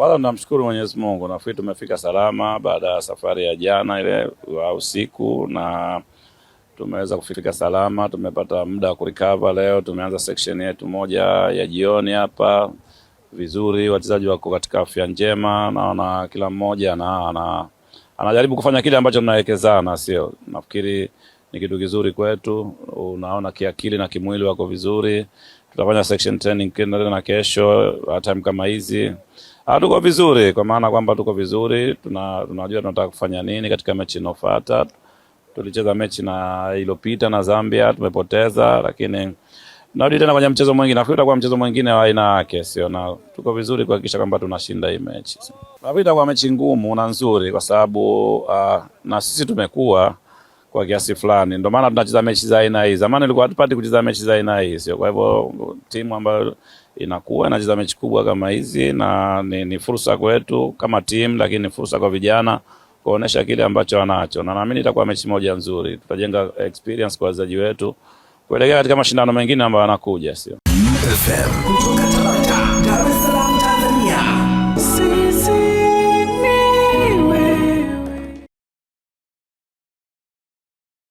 wala namshukuru Mwenyezi Mungu, nafikiri tumefika salama baada ya safari ya jana ile wa usiku, na tumeweza kufika salama. Tumepata muda wa kurecover. Leo tumeanza section yetu moja ya jioni hapa vizuri, wachezaji wako katika afya njema, naona kila mmoja na, ana, anajaribu kufanya kile ambacho tunawekezana, sio? Nafikiri ni kitu kizuri kwetu, unaona kiakili na kimwili wako vizuri. Tutafanya section training na kesho time kama hizi Tuko vizuri kwa maana kwamba tuko vizuri, tunajua tuna, tunataka kufanya nini katika mechi inayofuata. Tulicheza mechi na iliyopita na Zambia tumepoteza, lakini narudi tena kwenye mchezo mwingine, nafikiri itakuwa mchezo mwingine wa aina yake, sio na tuko vizuri kuhakikisha kwamba tunashinda hii mechi. Nafikiri itakuwa mechi ngumu na nzuri, kwa sababu uh, na sisi tumekuwa kwa kiasi fulani, ndio maana tunacheza mechi za aina hii. Zamani ilikuwa hatupati kucheza mechi za aina hii, sio? Kwa hivyo timu ambayo inakuwa inacheza mechi kubwa kama hizi, na ni, ni fursa kwetu kama timu, lakini ni fursa kwa vijana kuonesha kile ambacho wanacho, na naamini itakuwa mechi moja nzuri. Tutajenga experience kwa wachezaji wetu kuelekea katika mashindano mengine ambayo yanakuja, sio